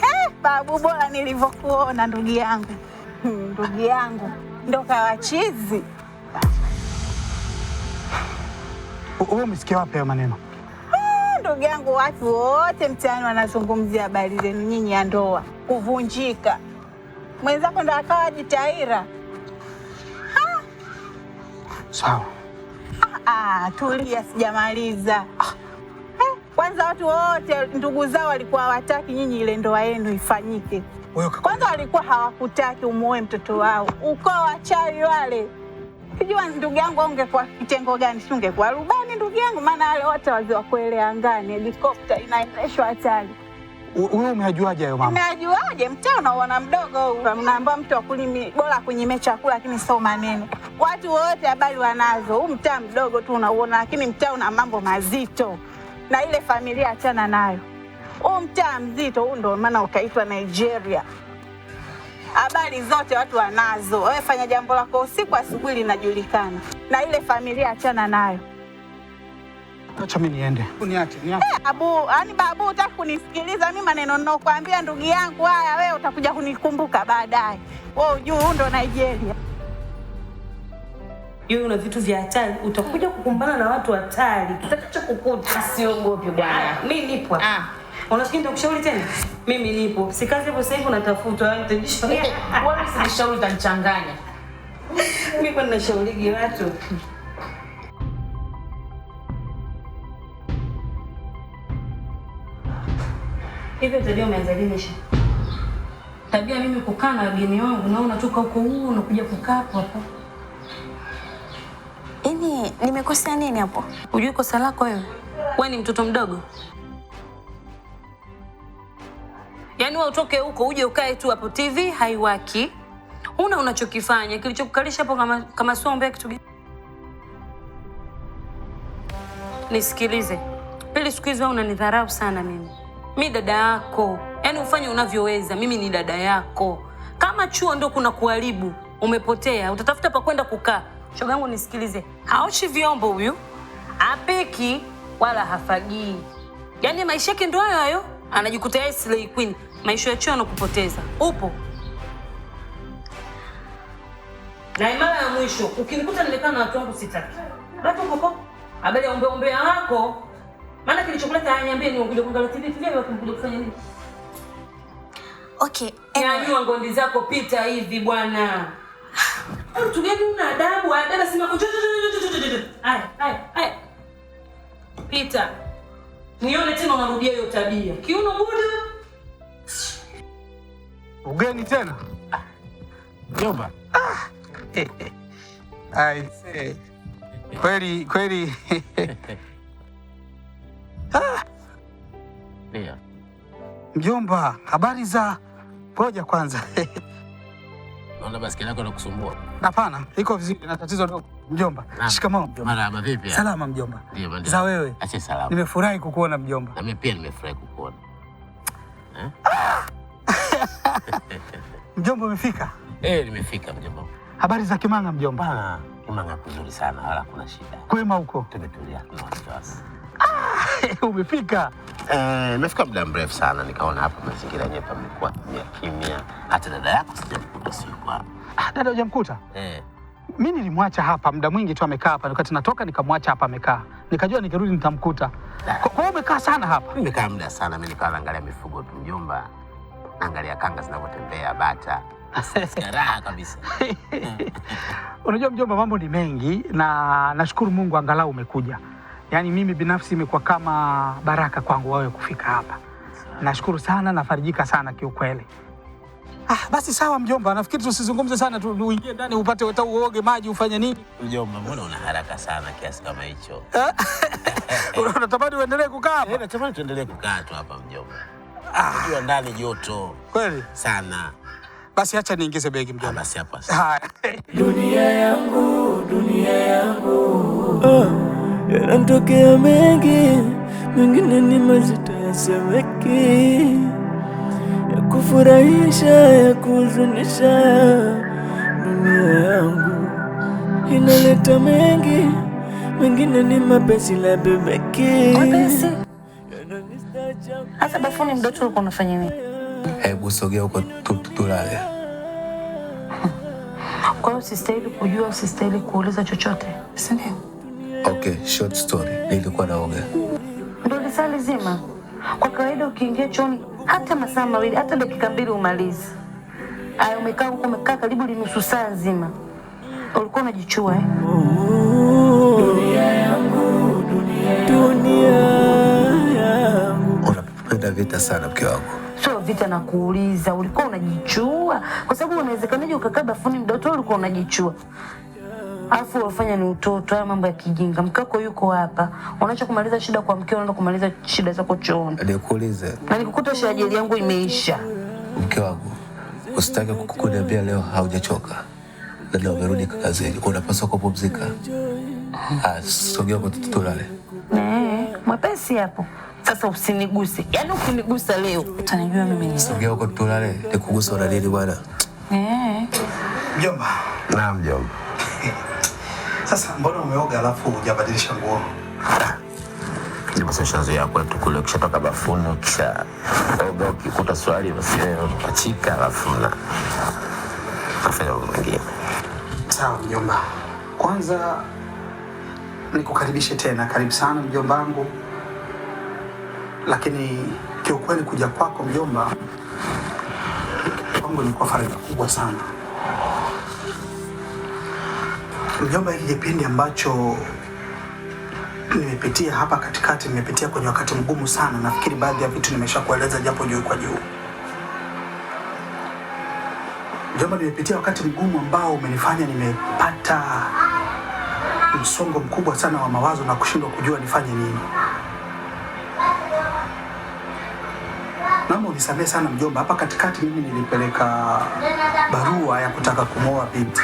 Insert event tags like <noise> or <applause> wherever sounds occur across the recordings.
Eh, babu bora nilivyokuona ndugu yangu, hmm. ndugu yangu ndo kawachizi. Wewe umesikia wapi hayo maneno? Ah, ndugu yangu, watu wote mtaani wanazungumzia habari zenu nyinyi ya ndoa kuvunjika, mwenzako ndo akawa jitaira. Ah. Sawa, ah, tulia, sijamaliza. Kwanza watu wote ndugu zao walikuwa hawataki nyinyi ile ndoa yenu ifanyike. Kwanza walikuwa hawakutaki umuoe mtoto wao, ukoo wachawi wale. Sijua ndugu yangu ungekuwa kitengo gani, si ungekuwa rubani ndugu yangu, maana wale wote waziwakuele angani, helikopta inaendeshwa hatari. Wewe umeajuaje hayo mama? Umeajuaje? Mtaa unaona mdogo huu, mnaambia mtu akulimi bora kunyime chakula, lakini sio maneno. Watu wote habari wanazo, huu mtaa mdogo tu unauona, lakini mtaa una mambo mazito na ile familia achana nayo. Huu mtaa mzito huu, ndio maana ukaitwa Nigeria. Habari zote watu wanazo. Wewe fanya jambo lako usiku, asubuhi linajulikana. Na ile familia achana nayo. Acha mimi niende. Uniache, niache. Hey, eh, yaani babu, yani babu utaki kunisikiliza mimi maneno ninayokuambia ndugu yangu haya, wewe utakuja kunikumbuka baadaye. Wewe ujuu huu ndo Nigeria iwe una vitu vya hatari, utakuja kukumbana na watu hatari. Kitakacho kukuta asiogope bwana, mimi ah, nipo. Ah, unafikiri nitakushauri tena? Mimi nipo, sikazi hapo. Sasa hivi unatafutwa wewe, utajishauri eh, wewe, sikishauri utanichanganya mimi. <laughs> Kwa ninashaurigi watu hivyo, utajua umeanza lini tabia. Mimi kukaa na wageni wangu, naona toka huko huko, unakuja kukaa hapo hapo Yaani nimekosea nini hapo? Hujui kosa lako wewe? Wewe ni mtoto mdogo. Yaani wewe utoke huko uje ukae tu hapo, TV haiwaki, una unachokifanya kilichokukalisha hapo kama, kama siombea kitu gani? Nisikilize Pili, siku hizi unanidharau sana mimi. Mi dada yako, yaani ufanye unavyoweza, mimi ni dada yako. Kama chuo ndio kuna kuharibu, umepotea, utatafuta pa kwenda kukaa shoga yangu nisikilize, haoshi vyombo huyu, apiki wala hafagii, yaani maisha yake ndio hayo hayo, anajikuta yeye slay queen. Maisha ya chuo kupoteza. Upo na imara ya mwisho, ukinikuta nilikaa na watu wangu sitaki bado koko habari ya ombe ombe wako, maana kilichokuleta anyambie ni ukuja kuangalia TV TV au kuja kufanya nini? Okay, anyway. ngondi zako pita hivi bwana. Mtu gani adabu? Dada sima Pita. Nione tena unarudia hiyo tabia. Kiuno buda. Ugeni tena. Jomba. Ah. <laughs> Ai, kweli kweli. <laughs> Ah. Mjomba, habari za poja kwanza. <laughs> Naona basikeli yako inakusumbua. Hapana, iko vizuri na tatizo dogo. Mjomba. Shikamoo mjomba. Marahaba, vipi? Salama mjomba. Ndio, ndio. Za wewe? Acha salama. Nimefurahi kukuona mjomba. Na mimi pia nimefurahi kukuona. Eh? Ah! <laughs> Mjomba umefika? Eh, nimefika mjomba. Habari za Kimanga mjomba? Ah, Kimanga kuzuri sana, wala kuna shida. Kwema huko? Tumetulia, kuna ah, <laughs> wasiwasi. Umefika? Eh, nimefika muda mrefu sana nikaona hapa mazingira yenyewe pamekuwa kimya kimya. Hata dada yako sijamkuta sio? dada hujamkuta? Eh. Mimi nilimwacha hapa muda mwingi tu amekaa hapa, wakati natoka nikamwacha hapa amekaa. Nikajua nikirudi nitamkuta. Kwa hiyo umekaa sana hapa? Nimekaa muda sana, mimi nikawa naangalia mifugo tu mjomba. Naangalia kanga zinavyotembea, bata. <laughs> kabisa. <laughs> Unajua mjomba, mambo ni mengi na nashukuru Mungu angalau umekuja. Yaani mimi binafsi imekuwa kama baraka kwangu wawe kufika hapa. Nashukuru sana, nafarijika sana kiukweli. Ah, basi sawa mjomba, nafikiri tusizungumze sana tu, uingie ndani upate hata uoge maji ufanye nini. Mjomba, mbona una haraka sana kiasi kama hicho? <laughs> Eh? <laughs> Unatamani uendelee kukaa hapa? Eh, natamani tuendelee kukaa tu hapa mjomba. Ah, Unajua ndani joto. Kweli? Sana. Basi acha niingize begi mjomba. Ah, basi hapa. Haya. <laughs> Dunia yangu, dunia yangu. Ah, yanatokea mengi, mengine ni mazito yasemeki kufurahisha ya kuzunisha dunia yangu inaleta mengi, mengine ni mapenzi la bebeki. Hasa bafuni mdoto ulikuwa unafanya nini? Hebu sogea huko tutulale. <laughs> Kwa hiyo sistahili kujua, sistahili kuuliza chochote, si ndio? Okay, short story, nilikuwa naoga. Ndio lisali zima. Kwa kawaida ukiingia chooni hata masaa mawili hata dakika mbili umalize. Aya, umekaa huko, umekaa karibu nusu saa nzima, ulikuwa unajichua eh? Unapenda vita sana mke wangu. Sio vita, nakuuliza, ulikuwa unajichua kwa sababu unawezekanaje ukakaa bafuni mdoto ulikuwa unajichua? Alafu wafanya ni utoto, haya mambo ya kijinga. Mkeko yuko hapa, unacho kumaliza shida kwa mkeo, unaenda kumaliza shida zako chooni. Nikuulize na nikukuta shajeli yangu imeisha. Mke wangu, usitake kukuniambia leo haujachoka na leo umerudi kazini, unapaswa kupumzika. Ah, sogea kwa mtoto lale. Eh, mwepesi hapo. Sasa usiniguse, yaani ukinigusa leo utanijua mimi ni. Sogea kwa mtoto lale, nikugusa na nini bwana? mjomba. Naam, mjomba. Sasa mbona umeoga alafu hujabadilisha nguo? Shazoea kwetu kule, ukishatoka bafuni ukishaoga, ukikuta swali basi pachika, alafu nafanya mwingine. Sawa mjomba, kwanza nikukaribishe tena, karibu sana mjomba wangu, lakini kiukweli kuja kwako mjomba kwangu ni kwa faida kubwa sana. Mjomba, hiki kipindi ambacho nimepitia hapa katikati, nimepitia kwenye wakati mgumu sana. Nafikiri baadhi ya vitu nimeshakueleza japo juu kwa juu. Mjomba, nimepitia wakati mgumu ambao umenifanya nimepata msongo mkubwa sana wa mawazo na kushindwa kujua nifanye nini. Naomba unisamehe sana mjomba, hapa katikati mimi nilipeleka barua ya kutaka kumwoa binti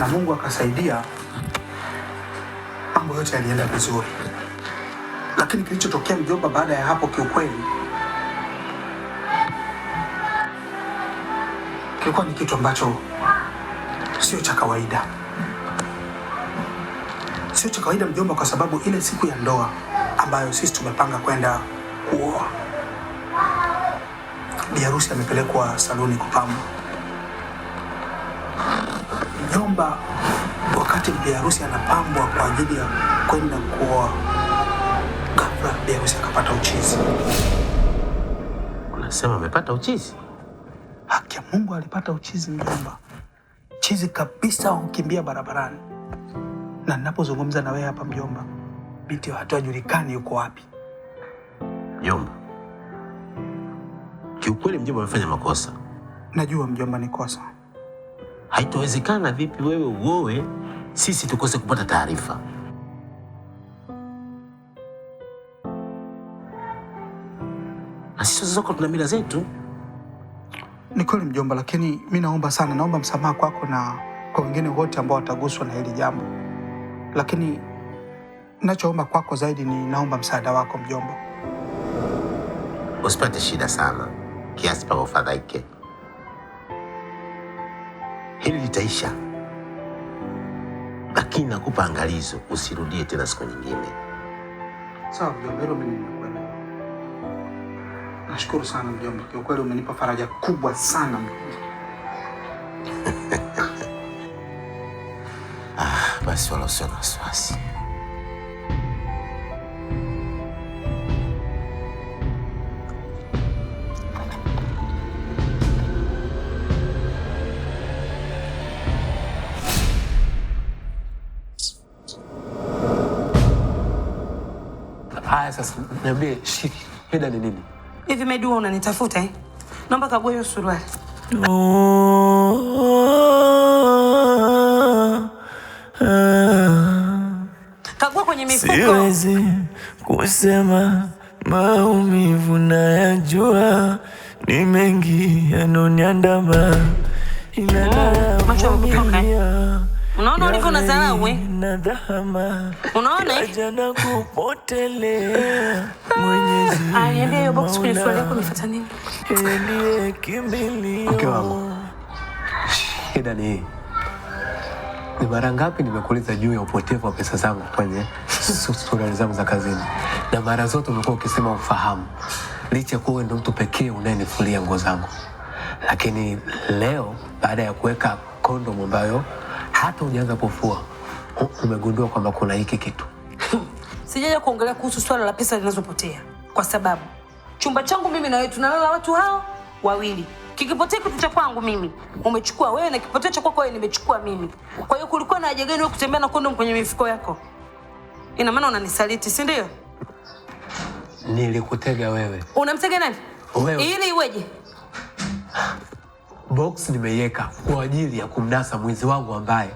na Mungu akasaidia, mambo yote yalienda vizuri. Lakini kilichotokea mjomba, baada ya hapo, kiukweli kilikuwa ni kitu ambacho sio cha kawaida, sio cha kawaida mjomba, kwa sababu ile siku ya ndoa ambayo sisi tumepanga kwenda kuoa, biharusi amepelekwa saluni kupamba kwamba wakati bibi harusi anapambwa kwa ajili ya kwenda kuoa, ghafla bibi harusi akapata uchizi. Unasema amepata uchizi? Haki ya Mungu, alipata uchizi mjomba, chizi kabisa, hukimbia barabarani. Na ninapozungumza na wewe hapa mjomba, binti hatuajulikani yuko wapi mjomba. Kiukweli mjomba, amefanya makosa. Najua mjomba, ni kosa haitowezekana. Vipi wewe uoe sisi tukose kupata taarifa? Na sisi sasa tuna mila zetu. Ni kweli mjomba, lakini mi naomba sana, naomba msamaha kwako na kwa wengine wote ambao wataguswa na hili jambo, lakini nachoomba kwako zaidi ni naomba msaada wako mjomba. Usipate shida sana kiasi pa ufadhaike hili litaisha, lakini nakupa angalizo, usirudie tena siku nyingine. Sawa mjomba, hilo mimi nimekuelewa. Nashukuru sana mjomba, kwa kweli umenipa faraja kubwa sana mjomba. <laughs> Ah, basi wala usio na wasiwasi. Haya sasa, niambie shida ni nini? Hivi Medu unanitafuta eh? Naomba kagua hiyo suruali. Kagua kwenye mifuko. Siwezi kusema maumivu nayajua ni mengi yanoniandama inalala inanaumilia oh, Unaona yaani ulivyo na dharau eh? Na dhama. Unaona eh? Jana kupotelea. <laughs> Mwenyezi. Ayende hiyo box kwenye swali yako nifuata nini? Ndiye kimbilio. Okay, mama. Shida ni hii. Ni mara ngapi nimekuuliza juu ya upotevu wa pesa zangu kwenye suruali zangu za kazini, na mara zote umekuwa ukisema ufahamu, licha kuwa ndio mtu pekee unayenifulia nguo zangu, lakini leo baada ya kuweka kondomu ambayo hata ujaanza kufua umegundua kwamba kuna hiki kitu. <laughs> Sijaja kuongelea kuhusu swala la pesa zinazopotea, kwa sababu chumba changu mimi na wewe tunalala watu hao wawili. Kikipotea kitu cha kwangu mimi umechukua wewe, na kipotea cha kwako wewe nimechukua mimi. Kwa hiyo kulikuwa na haja gani wewe kutembea na kondomu kwenye mifuko yako? Ina maana unanisaliti, si ndio? Nilikutega wewe. Unamtega nani? Wewe. Ili iweje? box nimeiweka kwa ajili ya kumnasa mwizi wangu ambaye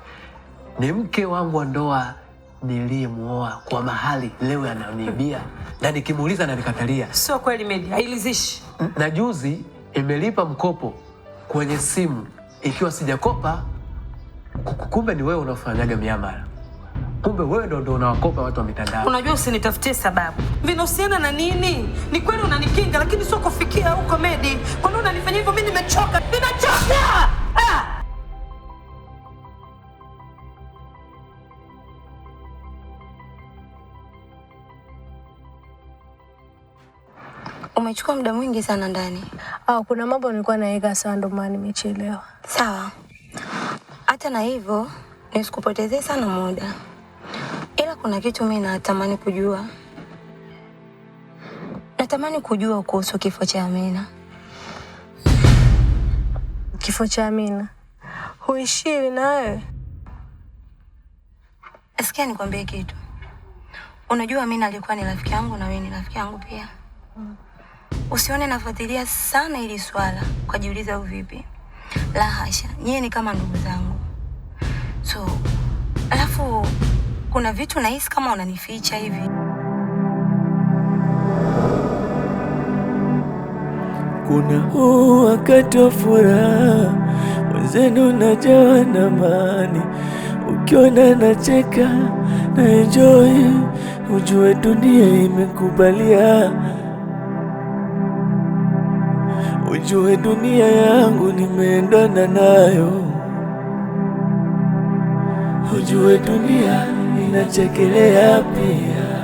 ni mke wangu wa ndoa niliyemwoa kwa mahali leo yananiibia, na nikimuuliza na nikatalia, sio kweli Medi, hailizishi. Na juzi imelipa mkopo kwenye simu ikiwa sijakopa, kumbe ni wewe unafanyaga miamala. Kumbe wewe ndo ndo unawakopa watu wa mitandao. Unajua, usinitafutie sababu. Vinahusiana na nini? Ni kweli unanikinga, lakini sio kufikia huko Medi. Kwa nini unanifanyia hivyo? Mimi nimechoka, Ninachoka. ah! Umechukua muda mwingi sana ndani. Ah, kuna mambo nilikuwa naweka sawa, ndo maana nimechelewa. Sawa, hata na hivyo nisikupotezee sana muda ila kuna kitu mimi natamani kujua. Natamani kujua kuhusu kifo cha Amina. Kifo cha Amina huishii na wewe? Sikia nikwambie kitu. Unajua Amina alikuwa ni rafiki yangu na wewe ni rafiki yangu pia. Usione nafuatilia sana ili swala ukajiuliza uvipi. La hasha, nyie ni kama ndugu zangu. So, alafu kuna vitu nahisi kama unanificha hivi. Kuna huu wakati wa furaha mwenzenu, najawa na amani, ukiona nacheka na enjoy, ujue dunia imekubalia, ujue dunia yangu nimeendana nayo, ujue dunia inachekelea pia.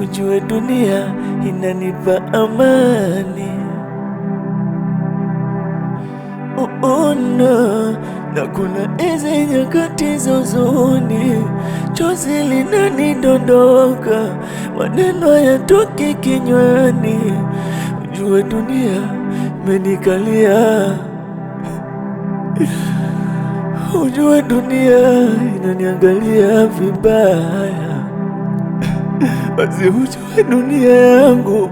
Ujue dunia inanipa amani uono oh, oh, na kuna hizi nyakati za huzuni, chozi linanidondoka, maneno hayatoki kinywani. Ujue dunia imenikalia <laughs> Ujue dunia inaniangalia vibaya, basi ujue dunia yangu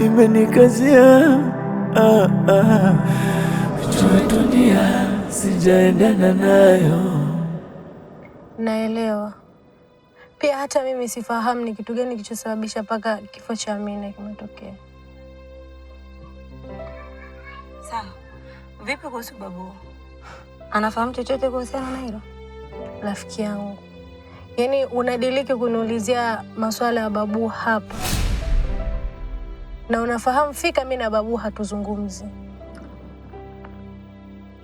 imenikazia. Ah, ah. Ujue dunia sijaendana nayo. Naelewa pia, hata mimi sifahamu ni kitu gani kilichosababisha mpaka kifo cha Amina kimetokea. Sawa, vipi kuhusu babu? anafahamu chochote kuhusiana na hilo? Rafiki yangu, yaani unadiliki kuniulizia maswala ya babu hapa, na unafahamu fika mi na babu hatuzungumzi.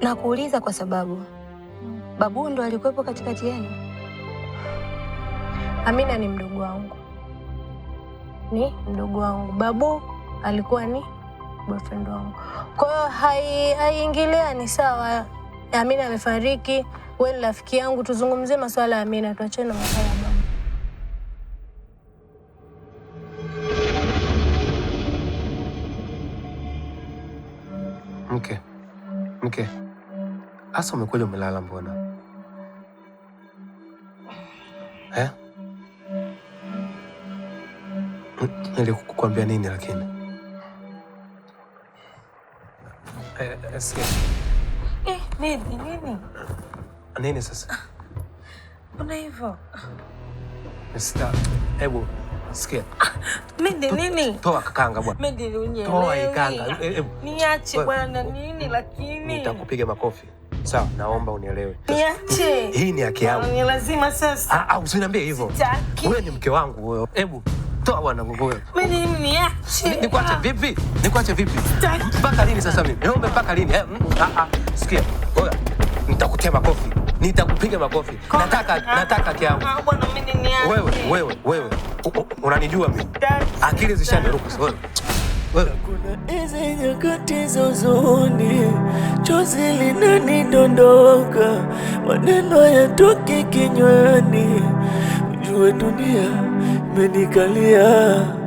Nakuuliza kwa sababu babu ndo alikuwepo katikati yenu. Amina ni mdogo wangu, ni mdogo wangu. Babu alikuwa ni boyfriend wangu, kwa hiyo haiingiliani, sawa Amina amefariki, wewe ni rafiki yangu, tuzungumzie masuala ya Amina, tuachane na masuala ya mama. Mke, mke, asa umekuja umelala mbona eh? Nilikukwambia nini lakini eh, eh Eh, nini nini nini sasa? Una ah, hivyo hebu sikia. Ah, Mende nini? Toa kakanga bwana. Mende unielewi. Toa kakanga. Eh, eh, Niache bwana nini lakini. Nitakupiga makofi. Sawa, naomba unielewe. Niache. Hii ni haki yangu. Ah, ni lazima sasa. Ah, usiniambie hivyo. Wewe ni mke wangu wewe. Hebu toa bwana wewe. Mimi nini Nikuache vipi? Nikuache vipi? Mpaka lini sasa mimi? Leo mpaka lini? Eh? Mm, ah ah. Sikia. Ngoja. Nitakutia makofi. Nitakupiga makofi. Nataka nataka kiangu. Ah, bwana mimi nini Wewe, wewe, wewe. Unanijua mimi. Akili zishaniruka wewe. Kuna hizi nyakati za huzuni, chozi linanidondoka, maneno yatoki kinywani, ujue dunia imenikalia.